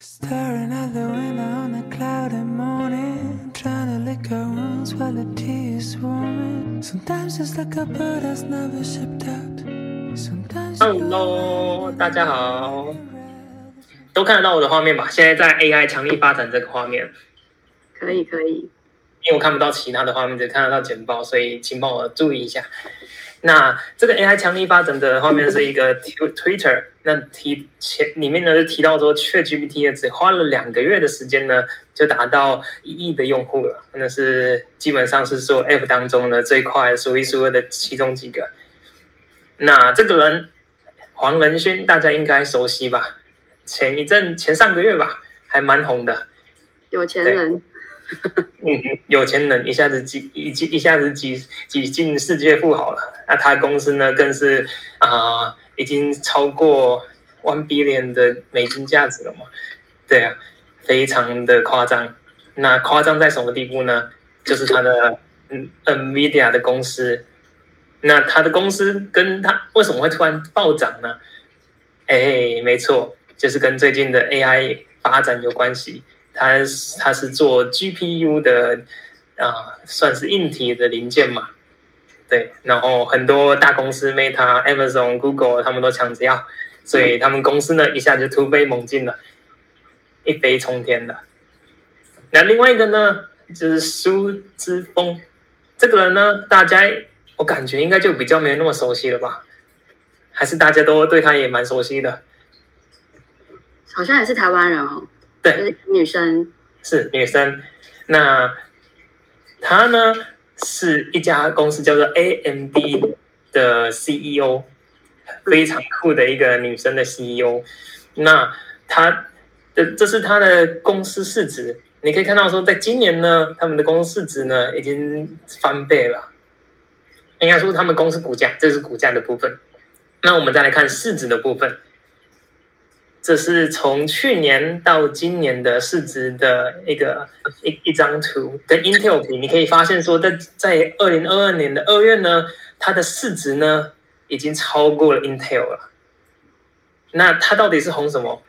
Hello，大家好，都看得到我的畫面吧？現在在 AI 強力發展這個畫面，可以可以，因為我看不到其他的畫面，只看得到簡報。所以請幫我注意一下。那這個 AI 強力發展的後面是一個 Twitter， 那提前裡面呢是提到說，ChatGPT 也只花了兩個月的時間呢，就達到一億的用戶了，那是基本上是說 App 當中呢最快數一數二的其中幾個。那這個人黃仁勳，大家應該熟悉吧？前一陣前上個月吧，還蠻紅的，有錢人。嗯， 有錢人一下子擠，已一下子擠擠進世界富豪了。那他的公司呢，更是啊、呃，已經超過 one billion 的美金價值了嘛。對啊，非常的誇張。那誇張在什麼地步呢？就是他的嗯 NVIDIA 的公司。那他的公司跟他為什麼會突然暴漲呢？哎，沒錯，就是跟最近的 AI 發展有關係。他他是做 GPU 的啊、呃，算是硬體的零件嘛，對，然後很多大公司，Meta、Amazon、Google 他們都搶着要，所以他們公司呢一下就突飛猛進的，一飛沖天的。那另外一個呢，就是蘇之峰，這個人呢，大家我感覺應該就比較沒那麼熟悉了吧，還是大家都對他也蠻熟悉的，好像也是台灣人哦。對，女生是女生，那她呢，是一家公司叫做 AMD 的 CEO，非常酷的一個女生的 CEO。那她，這這是她的公司市值，你可以看到說，在今年呢，他們的公司市值呢已經翻倍了。應該說他們公司股價，這是股價的部分。那我們再來看市值的部分。這是從去年到今年的市值的一個一一張圖，跟 Intel 比，你可以發現說，在在二零二二年的二月呢，它的市值呢已經超過了 Intel 了。那它到底是紅什麼？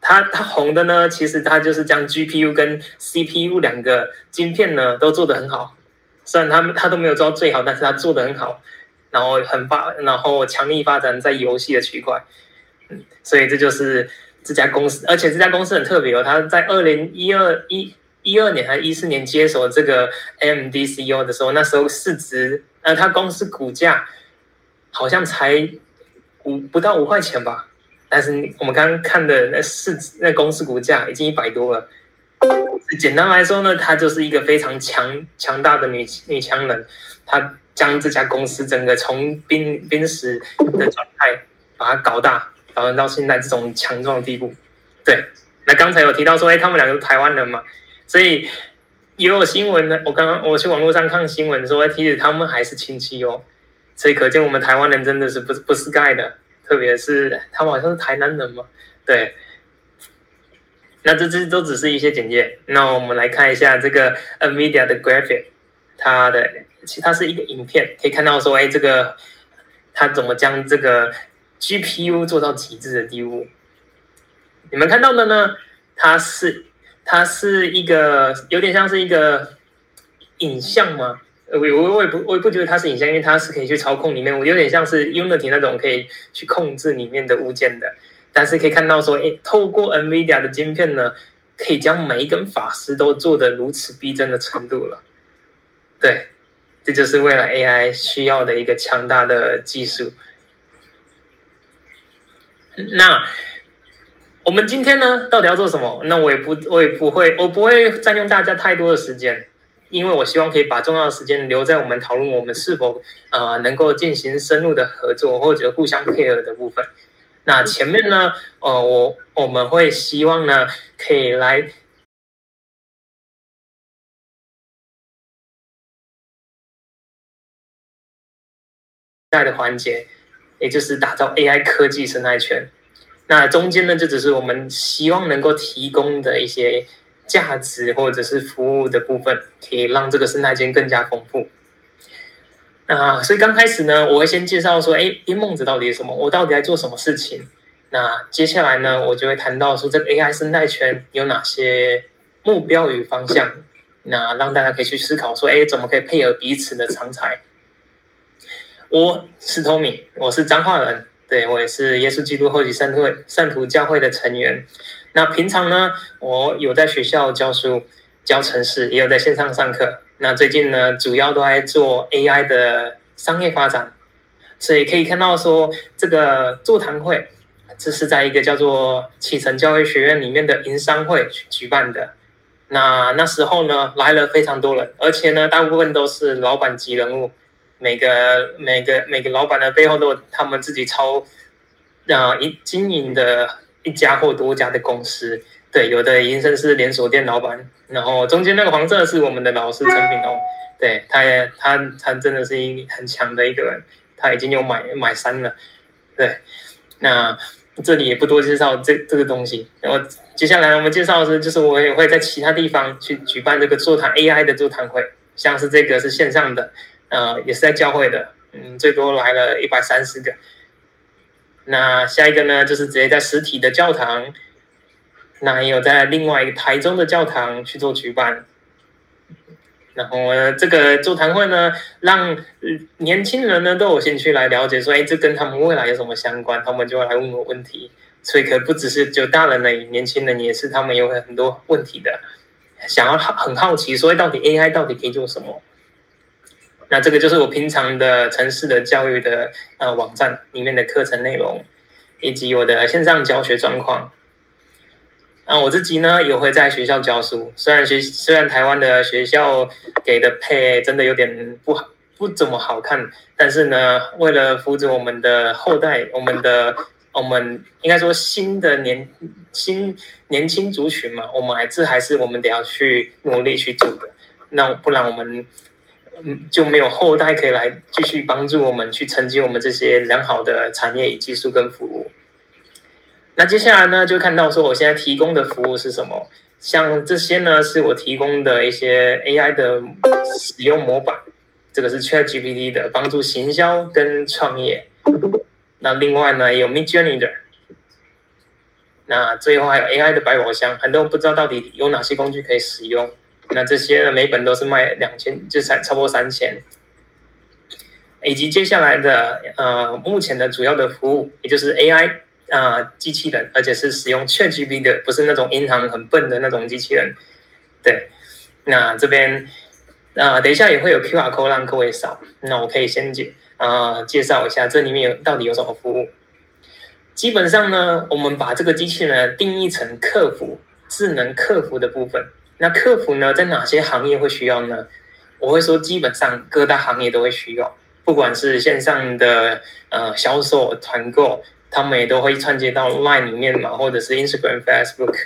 它它紅的呢，其實它就是將 GPU 跟 CPU 兩個晶片呢都做得很好，雖然他們它都沒有做到最好，但是它做得很好，然後很發，然後強力發展在遊戲的區塊。所以這就是這家公司，而且這家公司很特別哦。他在二零一二一一二年還是一四年接手這個 AMD CEO 的時候，那時候市值，呃，他公司股價好像才五不到五塊錢吧。但是我們剛，剛看的那市值，那公司股價已經一百多了。簡單來說呢，他就是一個非常強強大的女女強人，她將這家公司整個從瀕瀕死的狀態把它搞大。老人到現在這種強壯的地步，對。那剛才有提到說，哎、欸，他們兩個是台灣人嘛，所以也有，有新聞呢。我剛剛我去網絡上看新聞說，哎、欸，其實他們還是親戚哦，所以可見我們台灣人真的是不是不是蓋的，特別是他們好像是台南人嘛，對。那這這都只是一些簡介，那我們來看一下這個 NVIDIA 的 Graphic，它的其實它是一個影片，可以看到說，哎、欸，這個他怎麼將這個。GPU 做到極致的地步，你們看到的呢？它是，它是一個有點像是一個影像嗎？我我我也不，我也不覺得它是影像，因為它是可以去操控裡面，我有點像是 Unity 那種可以去控制裡面的物件的。但是可以看到說，哎、欸，透過 NVIDIA 的晶片呢，可以將每一根髮絲都做得如此逼真的程度了。對，這就是未來 AI 需要的一個強大的技術。那我們今天呢，到底要做什麼？那我也不，我也不會，我不會佔用大家太多的時間，因為我希望可以把重要的時間留在我們討論我們是否啊、呃、能夠進行深入的合作或者互相配合的部分。那前面呢，呃，我我們會希望呢，可以來在的環節。也就是打造 AI 科技生態圈，那中間呢，就只是我們希望能夠提供的一些價值或者是服務的部分，可以讓這個生態圈更加豐富。那所以剛開始呢，我會先介紹說，哎，編夢者到底是什麼，我到底在做什麼事情。那接下來呢，我就會談到說，這個 AI 生態圈有哪些目標與方向，那讓大家可以去思考說，哎、欸，怎麼可以配合彼此的長才。我是 Tomy，我是彰化人，對，我也是耶穌基督後期聖徒會聖徒教會的成員。那平常呢，我有在學校教書，教程式，也有在線上上課。那最近呢，主要都在做 AI 的商業發展。所以可以看到說，這個座談會，這是在一個叫做啟程教育學院裡面的營商會舉辦的。那那時候呢，來了非常多人，而且呢，大部分都是老板級人物。每個每個每個老闆的背後都有他們自己操，啊、呃、一經營的一家或多家的公司，對，有的營生是連鎖店老闆。然後中間那個黃色是我們的老師陳品龍哦，對他也他他真的是一個很強的一個人，他已經有買買三了。對，那這裡也不多介紹這這個東西。然後接下來我們介紹的是就是我也會在其他地方去舉辦這個座談 AI 的座談會，像是這個是線上的。呃，也是在教會的，嗯，最多來了一百三十個。那下一個呢，就是直接在實體的教堂，那也有在另外一個台中的教堂去做舉辦。然後、呃、這個座談會呢，讓、呃、年輕人呢都有興趣來了解，說，哎，這跟他們未來有什麼相關？他們就會來問我問題。所以可不只是就大人呢，年輕人也是他們有很多問題的，想要好，很好奇，說到底 AI 到底可以做什麼？那這個就是我平常的程式的教育的呃網站裡面的課程內容，以及我的線上教學狀況。那、啊、我自己呢也會在學校教書，雖然學雖然台灣的學校給的配真的有點不好，不怎麼好看，但是呢，為了扶持我們的後代，我們的我們應該說新的年新年輕族群嘛，我們還是還是我們得要去努力去做的，那不然我們。嗯，就沒有後代可以來繼續幫助我們去承接我們這些良好的產業與技術跟服務。那接下來呢，就看到說我現在提供的服務是什麼？像這些呢，是我提供的一些 AI 的使用模板，這個是 ChatGPT 的幫助行銷跟創業。那另外呢，有 Midjourney 的。那最後還有 AI 的百寶箱，很多人不知道到底有哪些工具可以使用。那這些每本都是賣兩千，就三差不多三千，以及接下來的呃，目前的主要的服務，也就是 AI 啊、呃、機器人，而且是使用 ChatGPT 的，不是那種銀行很笨的那種機器人。對，那這邊啊、呃、等一下也會有 QR code 讓各位掃。那我可以先、呃、介啊介紹一下這裡面有到底有什麼服務。基本上呢，我們把這個機器人定義成客服智能客服的部分。那客服呢，在哪些行業會需要呢？我會說，基本上各大行業都會需要，不管是線上的呃銷售、團購，他們也都會串接到 Line 裡面嘛，或者是 Instagram、Facebook。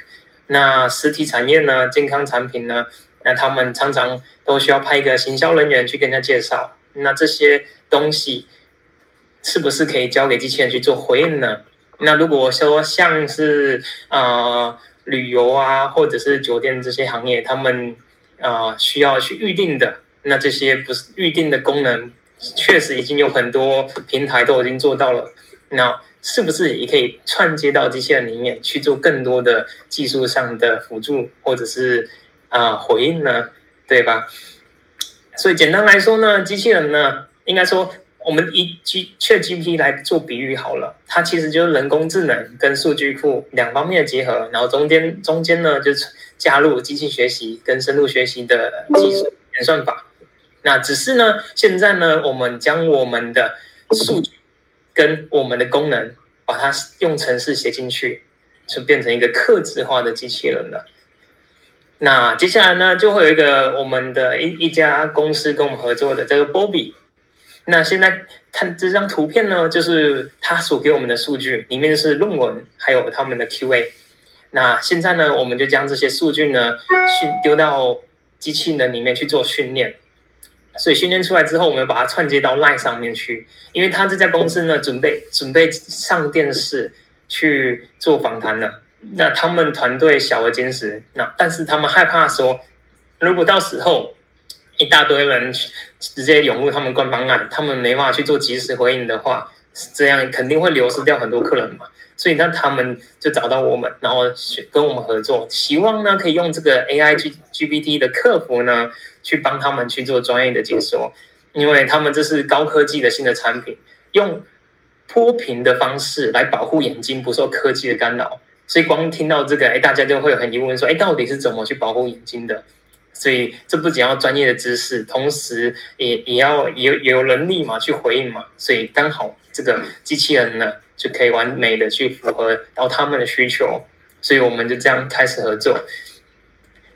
那實體產業呢，健康產品呢，那他們常常都需要派一個行銷人員去跟人家介紹。那這些東西是不是可以交給機器人去做回應呢？那如果說像是呃。旅遊啊，或者是酒店這些行業，他們啊、呃、需要去預定的，那這些不是預定的功能，確實已經有很多平台都已經做到了。那是不是也可以串接到機器人裡面去做更多的技術上的輔助，或者是啊、呃、回應呢？對吧？所以簡單來說呢，機器人呢，應該說。我們以 ChatGPT 來做比喻好了，它其實就是人工智能跟數據庫兩方面的結合，然後中間中間呢就加入機器學習跟深度學習的技術演算法。那只是呢，現在呢，我們將我們的數據跟我們的功能，把它用程式寫進去，就變成一個客制化的機器人了。那接下來呢，就會有一個我們的一一家公司跟我們合作的，這個波比。那現在看這張圖片呢，就是他所給我們的數據，裡面是論文，還有他們的 QA。那現在呢，我們就將這些數據呢去丟到機器人裡面去做訓練。所以訓練出來之後，我們把它串接到 LINE 上面去，因為他這家公司呢準備準備上電視去做訪談了。那他們團隊小而精實，那但是他們害怕說，如果到時候一大堆人。直接湧入他們官方案，他們沒辦法去做及時回應的話，這樣肯定會流失掉很多客人嘛。所以，那他們就找到我們，然後跟我們合作，希望呢可以用這個 A I G G B T 的客服呢去幫他們去做專業的解說，因為他們這是高科技的新的產品，用鋪平的方式來保護眼睛不受科技的干擾。所以，光聽到這個，哎、欸，大家就會有很疑問說，哎、欸，到底是怎麼去保護眼睛的？所以，這不僅要專業的知識，同時也也要有有能力嘛，去回應嘛。所以剛好這個機器人呢，就可以完美的去符合到他們的需求。所以，我們就這樣開始合作。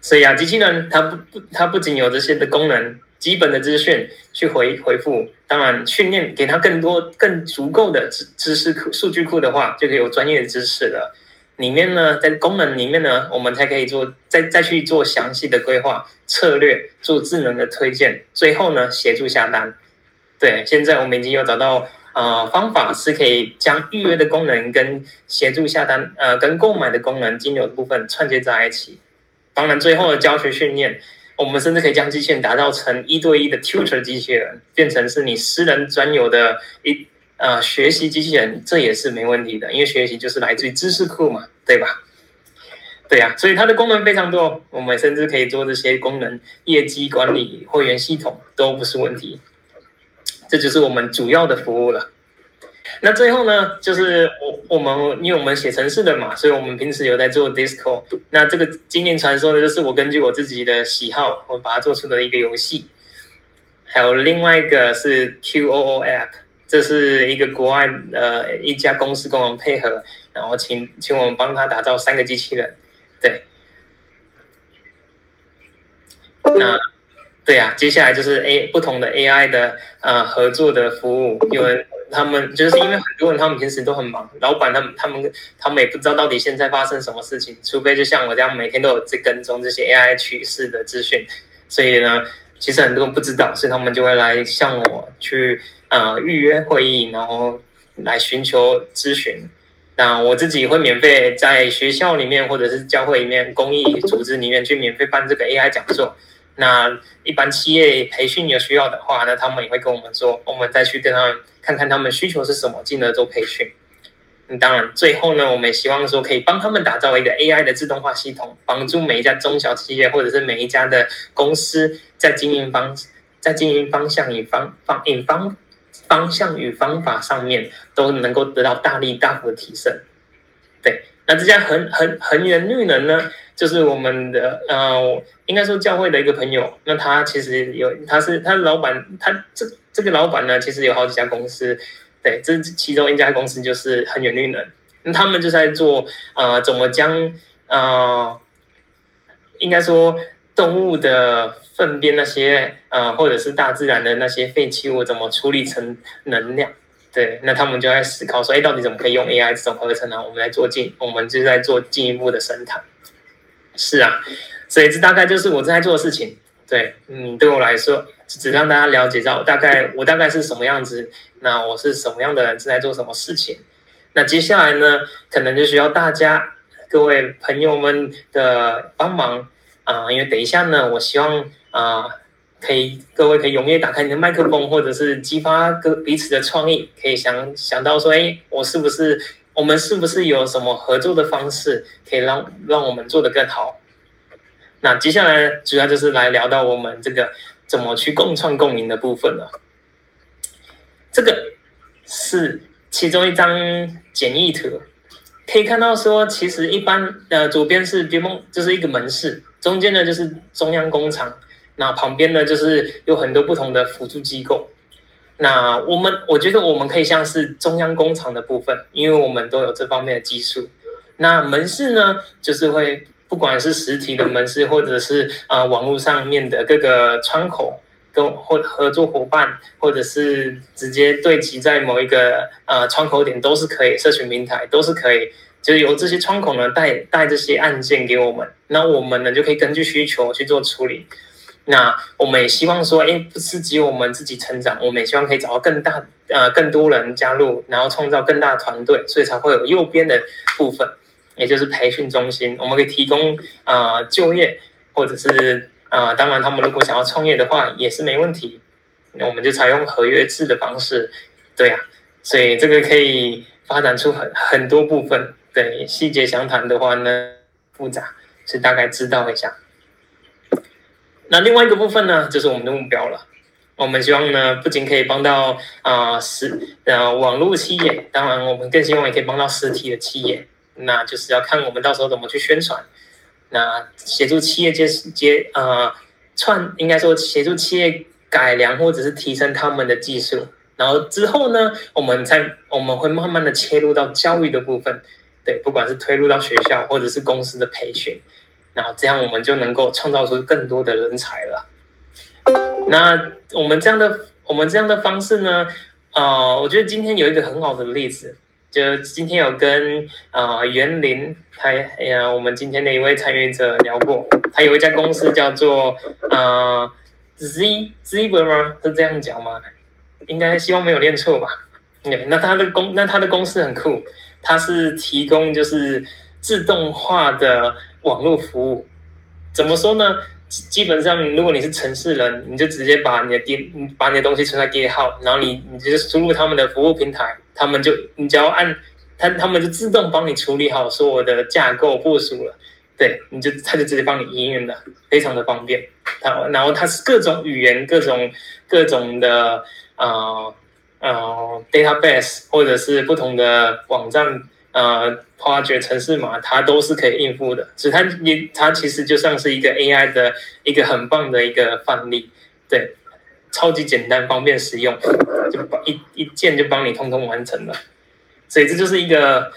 所以啊，機器人它不不它不僅有這些的功能，基本的資訊去回回復。當然，訓練給它更多更足夠的知知識庫數據庫的話，就可以有專業的知識了。裡面呢，在功能裡面呢，我們才可以做再再去做詳細的規劃策略，做智能的推薦，最後呢協助下單。對，現在我們已經有找到、呃、方法是可以將預約的功能跟協助下單呃跟購買的功能金流的部分串接在一起。當然，最後的教學訓練，我們甚至可以將機器人打造成一對一的 tutor 機器人，變成是你私人專有的一。啊、呃，學習機器人這也是沒問題的，因為學習就是來自於知識庫嘛，對吧？對呀、啊，所以它的功能非常多，我們甚至可以做這些功能，業績管理、會員系統都不是問題。這就是我們主要的服務了。那最後呢，就是我我們因為我們寫程序的嘛，所以我們平時有在做 Discord。那這個《經驗傳說》呢，就是我根據我自己的喜好，我把它做出的一個遊戲。還有另外一個是 QOO App。這是一個國外呃一家公司跟我們配合，然後請請我們幫他打造三個機器人，對。那對呀、啊，接下來就是 A 不同的 AI 的啊、呃、合作的服務，因為他們就是因為很多人他們平時都很忙，老闆他們他們他們也不知道到底現在發生什麼事情，除非就像我這樣每天都有在跟蹤這些 AI 趨勢的資訊，所以呢。其實很多人不知道，所以他們就會來向我去，啊預約會議，然後來尋求諮詢。那我自己會免費在學校裡面或者是教會裡面、公益組織裡面去免費辦這個 AI 講座。那一般企業培訓有需要的話，那他們也會跟我們說，我們再去跟他們看看他們需求是什麼，進而做培訓。當然，最後呢，我們也希望說可以幫他們打造一個 AI 的自動化系統，幫助每一家中小企業或者是每一家的公司在經營方在經營方向與方方方方向與方法上面都能夠得到大力大幅的提升。對，那這家恆恆恆源綠能呢，就是我們的呃，應該說教會的一個朋友。那他其實有他是他老闆，他這這個老闆呢，其實有好幾家公司。對，這其中一家公司就是恆遠綠能，那他們就在做，呃，怎麼將，呃，應該說動物的糞便那些，呃，或者是大自然的那些廢棄物，怎麼處理成能量？對，那他們就在思考說，誒到底怎麼可以用 AI 這種合成呢、啊？我們來做進，我們就在做進一步的深談。是啊，所以這大概就是我正在做的事情。對，嗯，對我來說，只讓大家了解到我大概我大概是什麼樣子，那我是什麼樣的人，正在做什麼事情。那接下來呢，可能就需要大家各位朋友們的幫忙啊、呃，因為等一下呢，我希望啊、呃，可以各位可以踴躍打開你的麥克風，或者是激發各彼此的創意，可以想想到說，哎，我是不是我們是不是有什麼合作的方式，可以讓讓我們做得更好。那接下來主要就是來聊到我們這個怎麼去共創共贏的部分了。這個是其中一張簡易圖，可以看到說，其實一般的左邊是編夢，就是一個門市，中間呢就是中央工廠，那旁邊呢就是有很多不同的輔助機構。那我們我覺得我們可以像是中央工廠的部分，因為我們都有這方面的技術。那門市呢，就是會。不管是實體的門市，或者是啊、呃、網絡上面的各個窗口，跟或合作夥伴，或者是直接對齊在某一個啊、呃、窗口點，都是可以。社群平台都是可以，就是由這些窗口呢帶帶這些案件給我們，那我們呢就可以根據需求去做處理。那我們也希望說，哎、欸，不是只有我們自己成長，我們也希望可以找到更大啊、呃、更多人加入，然後創造更大團隊，所以才會有右邊的部分。也就是培訓中心，我們可以提供啊、呃、就業，或者是啊、呃，當然他們如果想要創業的話也是沒問題。我們就採用合約制的方式，對呀、啊，所以這個可以發展出很很多部分。對，細節詳談的話呢，複雜是大概知道一下。那另外一個部分呢，就是我們的目標了。我們希望呢，不僅可以幫到啊實啊網絡企業，當然我們更希望也可以幫到實體的企業。那就是要看我們到時候怎麼去宣傳，那協助企業接接啊創，應該說協助企業改良或者是提升他們的技術，然後之後呢，我們才，我們會慢慢的切入到教育的部分，對，不管是推入到學校或者是公司的培訓，然後這樣我們就能夠創造出更多的人才了。那我們這樣的我們這樣的方式呢，呃，我覺得今天有一個很好的例子。就今天有跟啊、呃、袁林，還，哎呀，我們今天的一位參與者聊過，他有一家公司叫做啊、呃、Z Zebra 嗎？是這樣講嗎？應該希望沒有念錯吧？嗯、那他的公，那他的公司很酷，他是提供就是自動化的網絡服務，怎麼說呢？基本上，如果你是程式人，你就直接把你的電，把你的東西存在 GitHub，然後你，你就輸入他們的服務平台，他們就，你只要按他，他們就自動幫你處理好所有的架構部署了。對，你就，他就直接幫你營運了，非常的方便。然後，然後它是各種語言，各種各種的，呃，呃，database 或者是不同的網站。呃，挖掘城市嘛，它都是可以應付的。只它你它其實就像是一個 AI 的一個很棒的一個範例，對，超級簡單、方便使用，就幫一一鍵就幫你通通完成了。所以這就是一個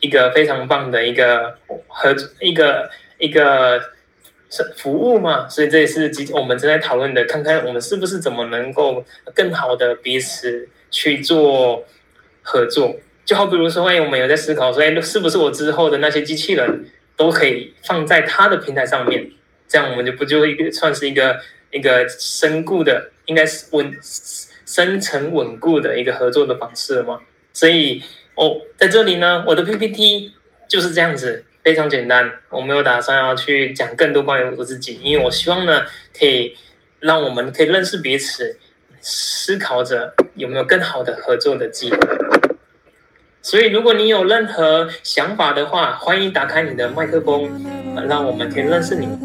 一個非常棒的一個合一個一個是服務嘛。所以這也是幾我們正在討論的，看看我們是不是怎麼能夠更好的彼此去做合作。就好比如說，哎，我們有在思考說，哎，是不是我之後的那些機器人都可以放在他的平台上面？這樣我們就不就會算是一個一個深固的，應該是穩、深層穩固的一個合作的方式了嗎？所以，哦，在這裡呢，我的 PPT 就是這樣子，非常簡單。我沒有打算要去講更多關於我自己，因為我希望呢，可以讓我們可以認識彼此，思考着有沒有更好的合作的機會。所以，如果你有任何想法的話，歡迎打開你的麥克風，讓我們先認識你。